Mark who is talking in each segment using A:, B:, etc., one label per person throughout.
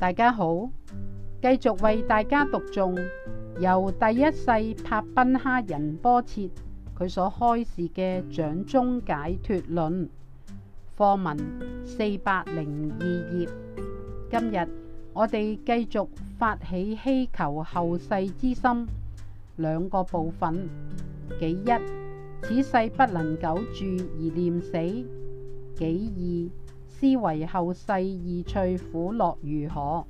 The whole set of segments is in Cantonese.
A: 大家好，繼續為大家讀誦由第一世帕賓哈仁波切佢所開示嘅《掌中解脫論》課文四百零二頁。今日我哋繼續發起希求後世之心，兩個部分：幾一，此世不能久住而念死；幾二。思為後世而趣苦樂如何？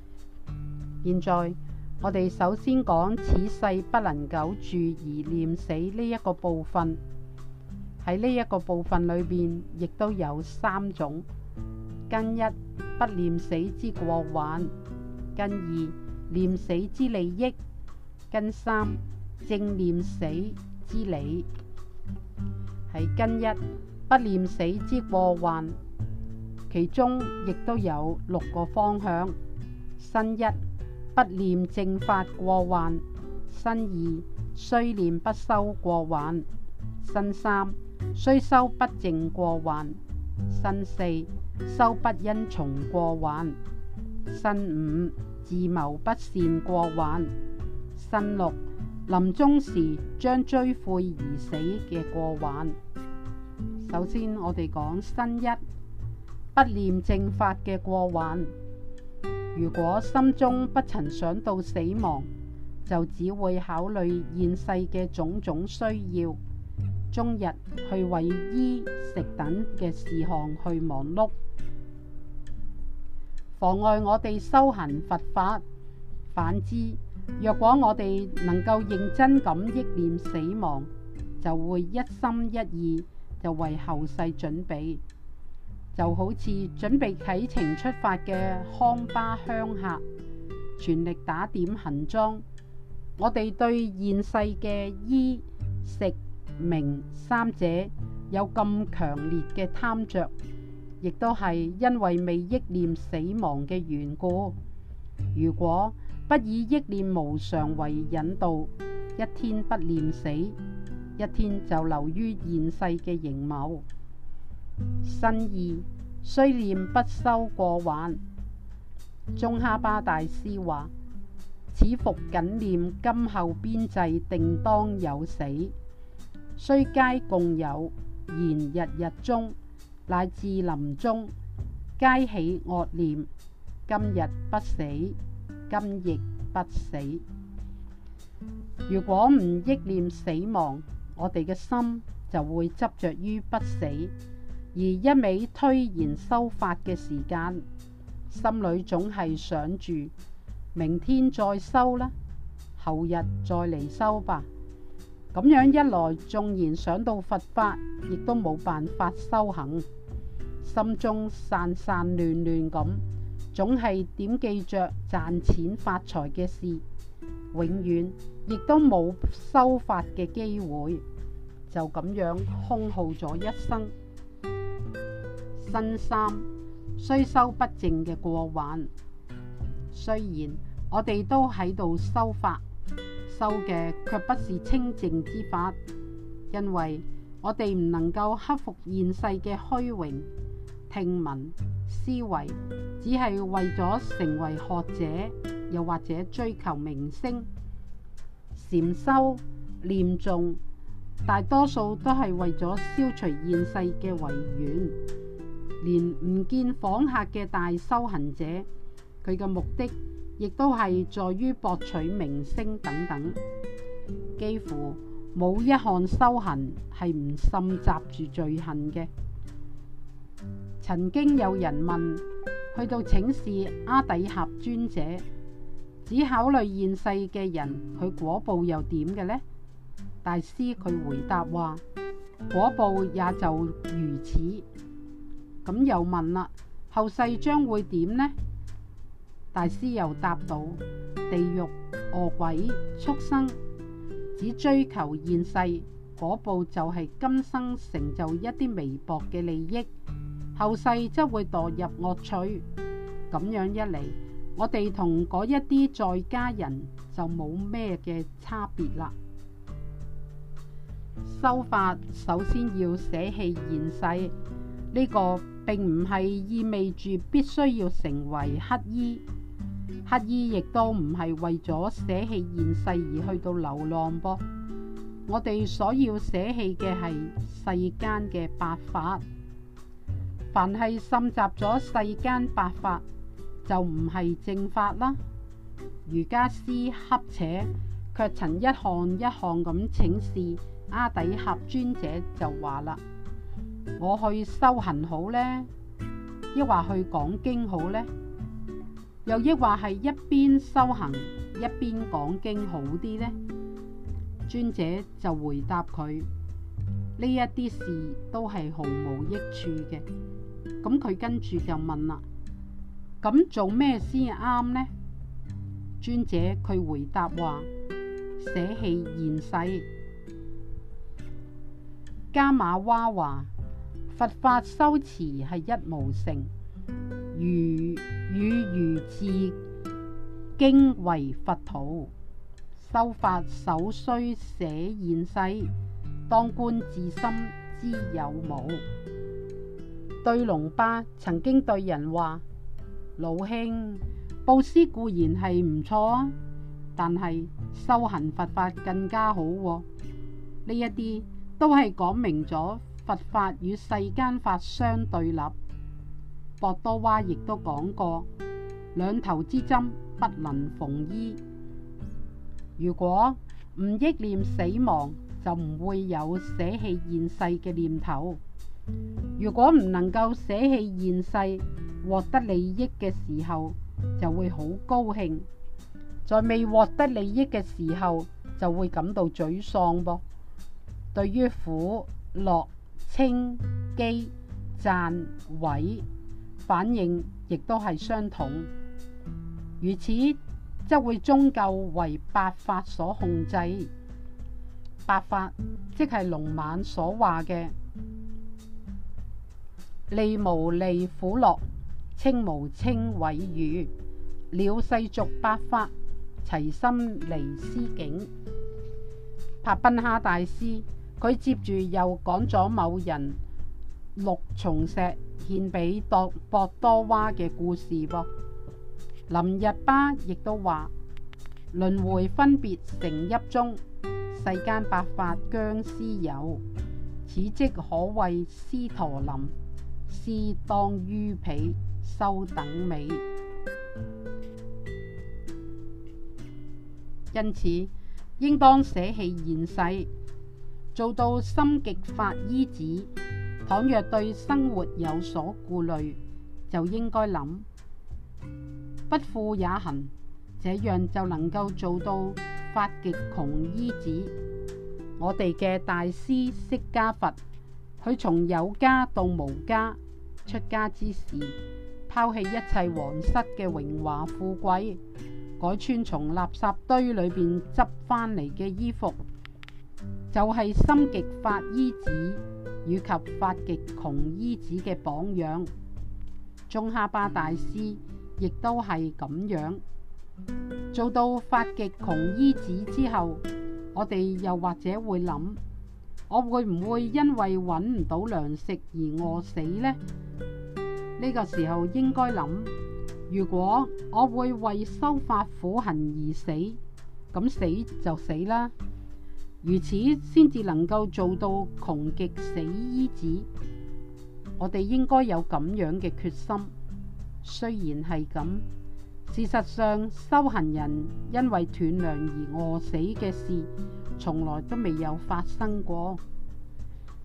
A: 現在我哋首先講此世不能久住而念死呢一個部分。喺呢一個部分裏邊，亦都有三種：跟一不念死之過患；跟二念死之利益；跟三正念死之理。係跟一不念死之過患。其中亦都有六個方向：新一不念正法過患；新二雖念不修過患；新三雖修不正過患；新四修不因從過患；新五自謀不善過患；新六臨終時將追悔而死嘅過患。首先，我哋講新一。不念正法嘅過患。如果心中不曾想到死亡，就只會考慮現世嘅種種需要，終日去為衣食等嘅事項去忙碌，妨礙我哋修行佛法。反之，若果我哋能夠認真咁憶念死亡，就會一心一意，就為後世準備。就好似準備啟程出發嘅康巴鄉客，全力打點行裝。我哋對現世嘅衣食名三者有咁強烈嘅貪着，亦都係因為未憶念死亡嘅緣故。如果不以憶念無常為引導，一天不念死，一天就留於現世嘅形貌。新意雖念不修過患，中哈巴大師話：此復緊念今後邊際定當有死，雖皆共有，然日日中乃至臨終皆起惡念今，今日不死，今亦不死。如果唔憶念死亡，我哋嘅心就會執着於不死。而一味推延修法嘅時間，心裏總係想住明天再修啦，後日再嚟修吧。咁樣一來，縱然想到佛法，亦都冇辦法修行，心中散散亂亂咁，總係惦記著賺錢發財嘅事，永遠亦都冇修法嘅機會，就咁樣空耗咗一生。新心雖修不正嘅過患，雖然我哋都喺度修法，修嘅卻不是清淨之法，因為我哋唔能夠克服現世嘅虛榮、聽聞、思維，只係為咗成為學者，又或者追求名聲。禪修念眾，大多數都係為咗消除現世嘅遺願。連唔見訪客嘅大修行者，佢嘅目的亦都係在於博取名聲等等，幾乎冇一項修行係唔滲雜住罪行嘅。曾經有人問：去到請示阿底峽尊者，只考慮現世嘅人，佢果報又點嘅呢？大師佢回答話：果報也就如此。咁又問啦，後世將會點呢？大師又答到：地獄、惡鬼、畜生，只追求現世果報，部就係今生成就一啲微薄嘅利益。後世則會墮入惡趣。咁樣一嚟，我哋同嗰一啲在家人就冇咩嘅差別啦。修法首先要捨棄現世呢、呢個。並唔係意味住必須要成為乞衣，乞衣亦都唔係為咗捨棄現世而去到流浪噃。我哋所要捨棄嘅係世間嘅八法，凡係滲集咗世間八法，就唔係正法啦。儒家師乞且，卻曾一項一項咁請示阿底峽尊者就，就話啦。我去修行好呢，抑或去講經好呢？又抑或係一邊修行一邊講經好啲呢？尊者就回答佢：呢一啲事都係毫無益處嘅。咁佢跟住就問啦：咁、啊、做咩先啱呢？尊者佢回答話：捨棄現世。加馬哇話。佛法修持係一無成，如與如字經為佛土，修法首須捨現世，當觀自心知有無。對龍巴曾經對人話：老兄，布施固然係唔錯，但係修行佛法更加好喎、哦。呢一啲都係講明咗。佛法與世間法相對立。博多娃亦都講過，兩頭之針不能縫衣。如果唔憶念死亡，就唔會有捨棄現世嘅念頭。如果唔能夠捨棄現世，獲得利益嘅時候就會好高興，在未獲得利益嘅時候就會感到沮喪。噃，對於苦樂。稱譏讚毀反應亦都係相同，如此則會終究為八法所控制。八法即係龍猛所話嘅利無利苦樂，稱無稱毀譽，了世俗八法，齊心離思境。帕賓哈大師。佢接住又講咗某人綠松石獻俾博多娃嘅故事噃。林日巴亦都話：輪迴分別成一宗，世間八法僵屍有，此即可謂屍陀林。屍當於彼修等美，因此應當捨棄現世。做到心極法依止，倘若對生活有所顧慮，就應該諗不富也行，這樣就能夠做到法極窮依止。我哋嘅大師釋迦佛，佢從有家到無家，出家之時拋棄一切皇室嘅榮華富貴，改穿從垃圾堆裏邊執翻嚟嘅衣服。就係心極法依止，以及法極窮依止嘅榜樣。宗喀巴大師亦都係咁樣做到法極窮依止之後，我哋又或者會諗：我會唔會因為搵唔到糧食而餓死呢？呢個時候應該諗：如果我會為修法苦行而死，咁死就死啦。如此先至能夠做到窮極死依止，我哋應該有咁樣嘅決心。雖然係咁，事實上修行人因為斷糧而餓死嘅事，從來都未有發生過。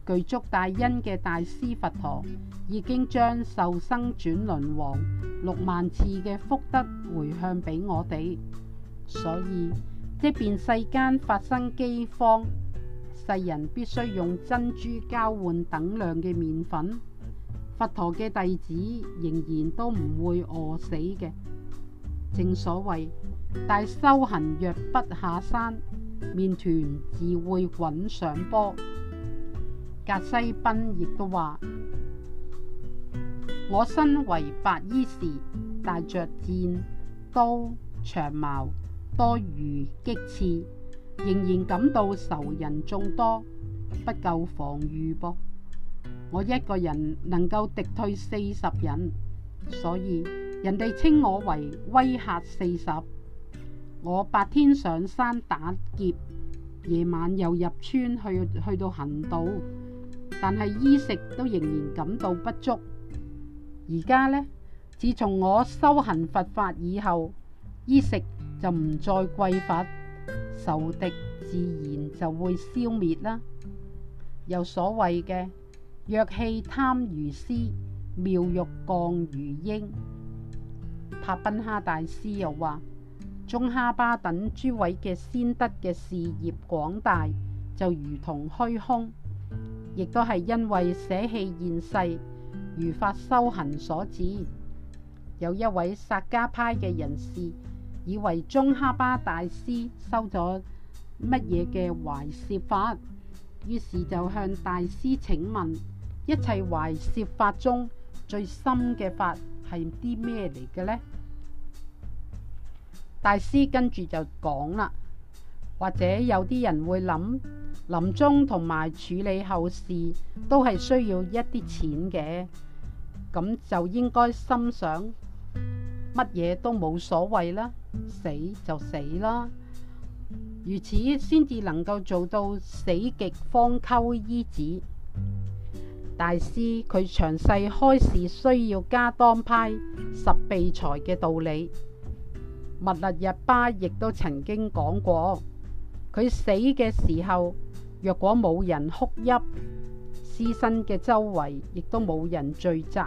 A: 具足大恩嘅大師佛陀，已經將受生轉輪王六萬次嘅福德回向俾我哋，所以，即便世間發生饑荒，世人必須用珍珠交換等量嘅麵粉，佛陀嘅弟子仍然都唔會餓死嘅。正所謂，大修行若不下山，麵團自會滾上坡」。格西賓亦都話：我身為白衣時，帶着箭、刀、長矛。多餘激刺，仍然感到仇人眾多，不夠防禦噃。我一個人能夠敵退四十人，所以人哋稱我為威嚇四十。我白天上山打劫，夜晚又入村去去到行道，但係衣食都仍然感到不足。而家呢，自從我修行佛法以後，衣食。就唔再匱乏，仇敵自然就會消滅啦。有所謂嘅弱氣貪如獅，妙欲降如鷹。帕賓哈大師又話：中哈巴等諸位嘅先德嘅事業廣大，就如同虛空，亦都係因為捨棄現世如法修行所致。有一位薩迦派嘅人士，以為中哈巴大師收咗乜嘢嘅懷攝法，於是就向大師請問：「一切懷攝法中最深嘅法係啲咩嚟嘅呢？」大師跟住就講啦。或者有啲人會諗，臨終同埋處理後事都係需要一啲錢嘅，咁就應該心想乜嘢都冇所謂啦。死就死啦，如此先至能夠做到死極方溝依止。大師佢詳細開示需要加當派十秘財嘅道理。密勒日巴亦都曾經講過，佢死嘅時候，若果冇人哭泣，屍身嘅周圍亦都冇人聚集，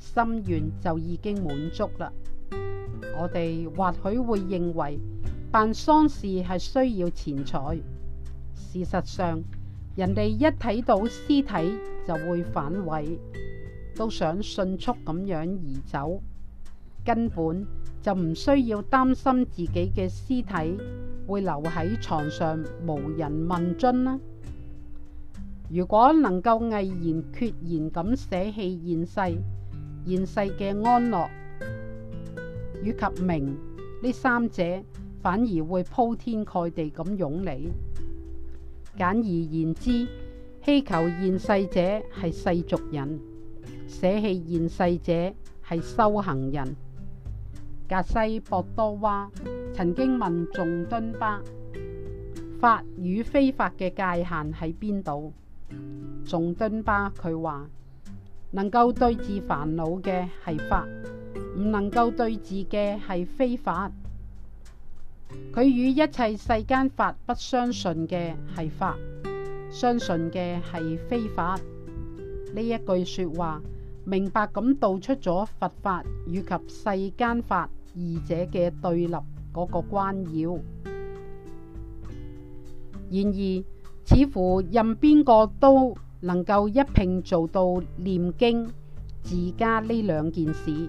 A: 心願就已經滿足啦。我哋或許會認為辦喪事係需要錢財，事實上，人哋一睇到屍體就會反胃，都想迅速咁樣移走，根本就唔需要擔心自己嘅屍體會留喺床上無人問津啦。如果能夠毅然決然咁捨棄現世、現世嘅安樂。與及明，呢三者，反而會鋪天蓋地咁湧嚟。簡而言之，希求現世者係世俗人，捨棄現世者係修行人。格西博多娃曾經問仲敦巴：法與非法嘅界限喺邊度？仲敦巴佢話：能夠對治煩惱嘅係法。唔能夠對治嘅係非法，佢與一切世間法不相信嘅係法，相信嘅係非法，呢一句說話，明白咁道出咗佛法與及世間法二者嘅對立嗰個關繞。然而，似乎任邊個都能夠一併做到念經自家呢兩件事。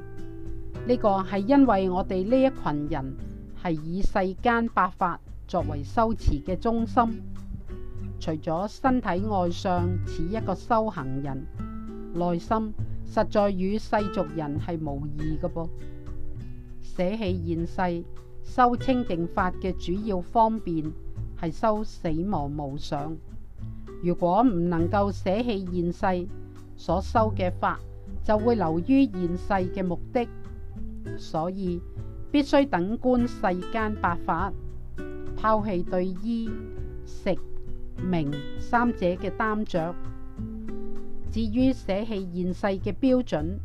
A: 呢個係因為我哋呢一群人係以世間八法作為修持嘅中心，除咗身體外相似一個修行人，內心實在與世俗人係無異嘅噃。捨棄現世修清淨法嘅主要方便係修死亡無常。如果唔能夠捨棄現世所修嘅法，就會流於現世嘅目的。所以必須等觀世間八法，拋棄對衣食名三者嘅擔着。至於捨棄現世嘅標準，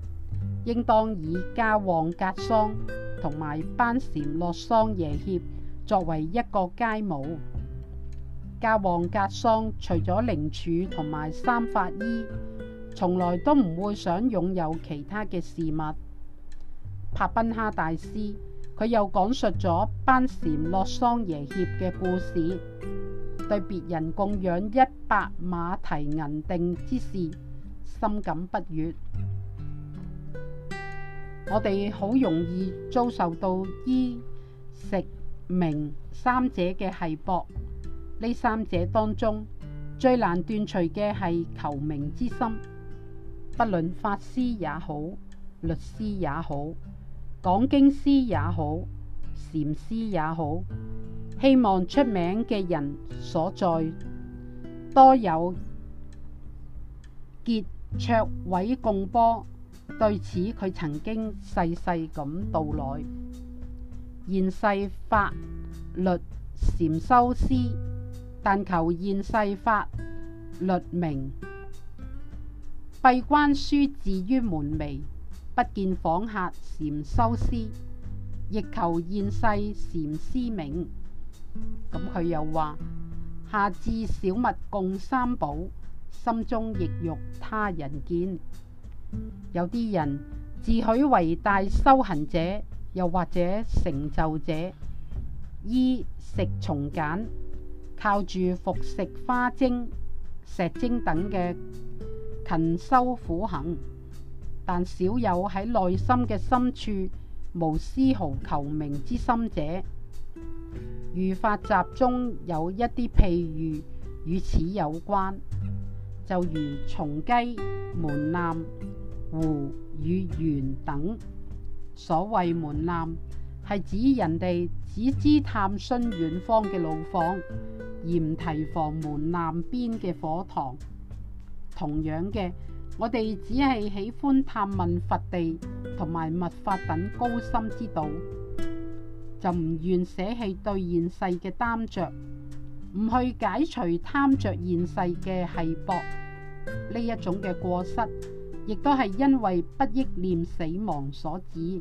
A: 應當以家旺格桑同埋班禪洛桑耶協作為一個楷模。家旺格桑除咗鈴杵同埋三法衣，從來都唔會想擁有其他嘅事物。帕賓哈大師，佢又講述咗班禪洛桑耶協嘅故事，對別人供養一百馬蹄銀錠之事，深感不悅。我哋好容易遭受到衣食名三者嘅繫縛，呢三者當中，最難斷除嘅係求名之心。不論法師也好，律師也好，講經師也好，禪師也好，希望出名嘅人所在多有傑卓偉貢波。對此，佢曾經細細咁道來：現世法律禪修師，但求現世法律明，閉關書置於門楣。不見訪客，禪修師亦求現世禪師名。咁佢又話：下至小物共三寶，心中亦欲他人見。有啲人自詡為大修行者，又或者成就者，衣食從簡，靠住服食花精、石精等嘅勤修苦行。但少有喺內心嘅深處無絲毫求名之心者。《喻法集》中有一啲譬喻與此有關，就如松雞門檻湖與圓等。所謂門檻，係指人哋只知探詢遠方嘅路況，而唔提防門檻邊嘅火塘。同樣嘅。我哋只係喜歡探問佛地同埋密法等高深之道，就唔願捨棄對現世嘅貪着，唔去解除貪着現世嘅係博。呢一種嘅過失，亦都係因為不憶念死亡所指。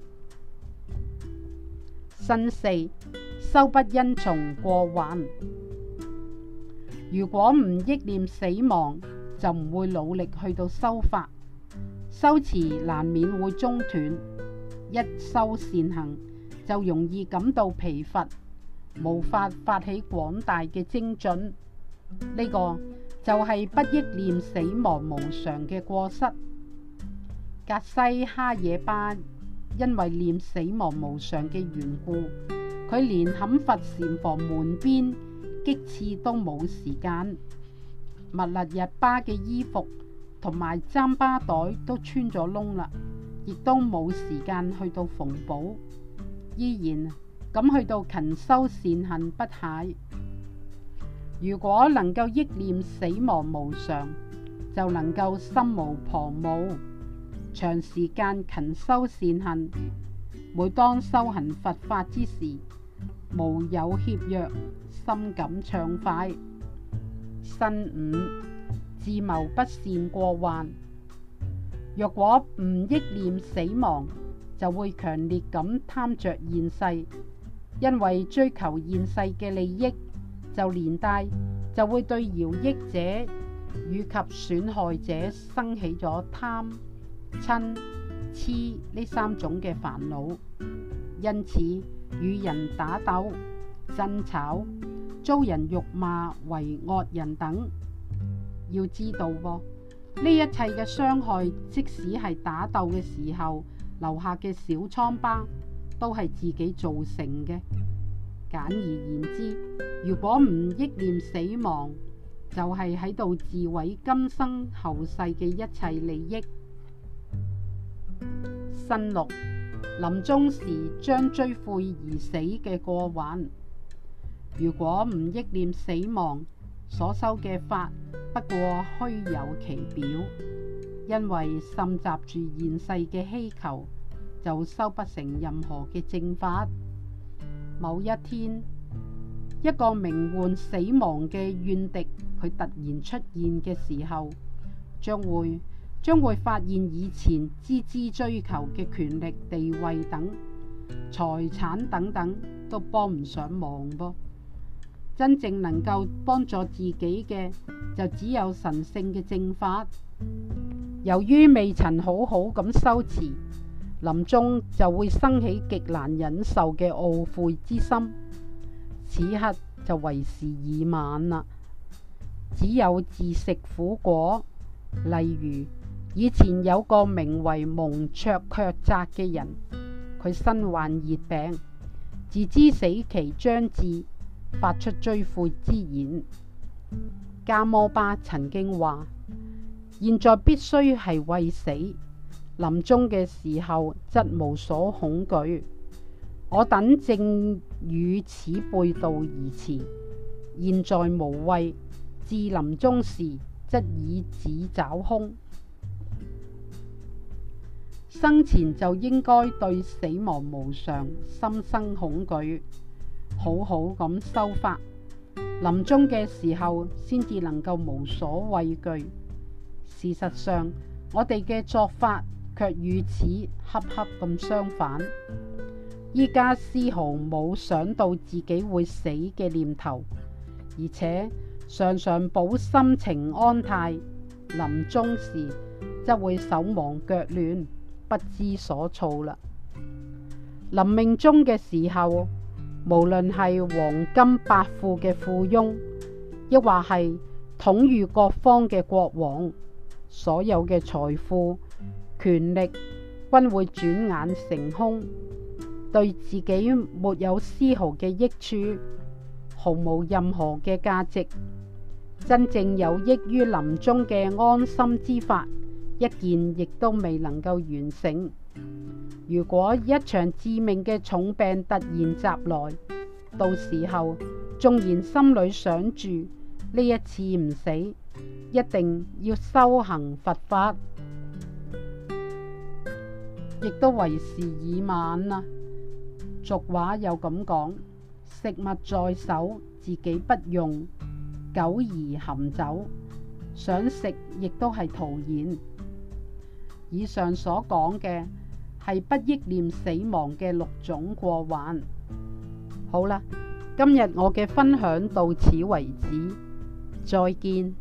A: 身四修不因從過患，如果唔憶念死亡，就唔會努力去到修法，修持難免會中斷，一修善行就容易感到疲乏，無法發起廣大嘅精進。呢、這個就係不憶念死亡無常嘅過失。格西哈耶巴因為念死亡無常嘅緣故，佢連砍伐禪房門邊激刺都冇時間。密勒日巴嘅衣服同埋糌粑袋都穿咗窿啦，亦都冇時間去到縫補。依然咁去到勤修善行不懈。如果能夠憶念死亡無常，就能夠心無旁騖，長時間勤修善行。每當修行佛法之時，無有怯弱，心感暢快。新五自謀不善過患，若果唔憶念死亡，就會強烈咁貪着現世，因為追求現世嘅利益，就連帶就會對饒益者以及損害者生起咗貪、嗔、痴呢三種嘅煩惱，因此與人打鬥、爭吵。遭人辱罵為惡人等，要知道喎，呢一切嘅傷害，即使係打鬥嘅時候，留下嘅小瘡疤，都係自己造成嘅。簡而言之，如果唔憶念死亡，就係喺度自毀今生後世嘅一切利益。新六臨終時將追悔而死嘅過患。如果唔憶念死亡所修嘅法，不過虛有其表，因為滲集住現世嘅希求，就修不成任何嘅正法。某一天，一個名喚死亡嘅怨敵，佢突然出現嘅時候，將會將會發現以前孜孜追求嘅權力、地位等、財產等等，都幫唔上忙噃。真正能夠幫助自己嘅，就只有神聖嘅正法。由於未曾好好咁修持，臨終就會生起極難忍受嘅懊悔之心。此刻就為時已晚啦，只有自食苦果。例如，以前有個名為蒙卓卻扎嘅人，佢身患熱病，自知死期將至。發出追悔之言。迦摩巴曾經話：現在必須係畏死，臨終嘅時候則無所恐懼。我等正與此背道而馳。現在無畏，至臨終時則以指抓胸。生前就應該對死亡無常心生恐懼。好好咁修法，臨終嘅時候先至能夠無所畏懼。事實上，我哋嘅做法卻與此恰恰咁相反。依家絲毫冇想到自己會死嘅念頭，而且常常保心情安泰。臨終時則會手忙腳亂，不知所措啦。臨命終嘅時候。無論係黃金百富嘅富翁，亦或係統御各方嘅國王，所有嘅財富、權力均會轉眼成空，對自己沒有絲毫嘅益處，毫無任何嘅價值。真正有益於臨終嘅安心之法，一件亦都未能夠完成。如果一場致命嘅重病突然襲來，到時候縱然心裏想住呢一次唔死，一定要修行佛法，亦 都為時已晚啦、啊。俗話又咁講：食物在手，自己不用，久而含酒，想食亦都係徒然。以上所講嘅，係不憶念死亡嘅六種過患。好啦，今日我嘅分享到此為止，再見。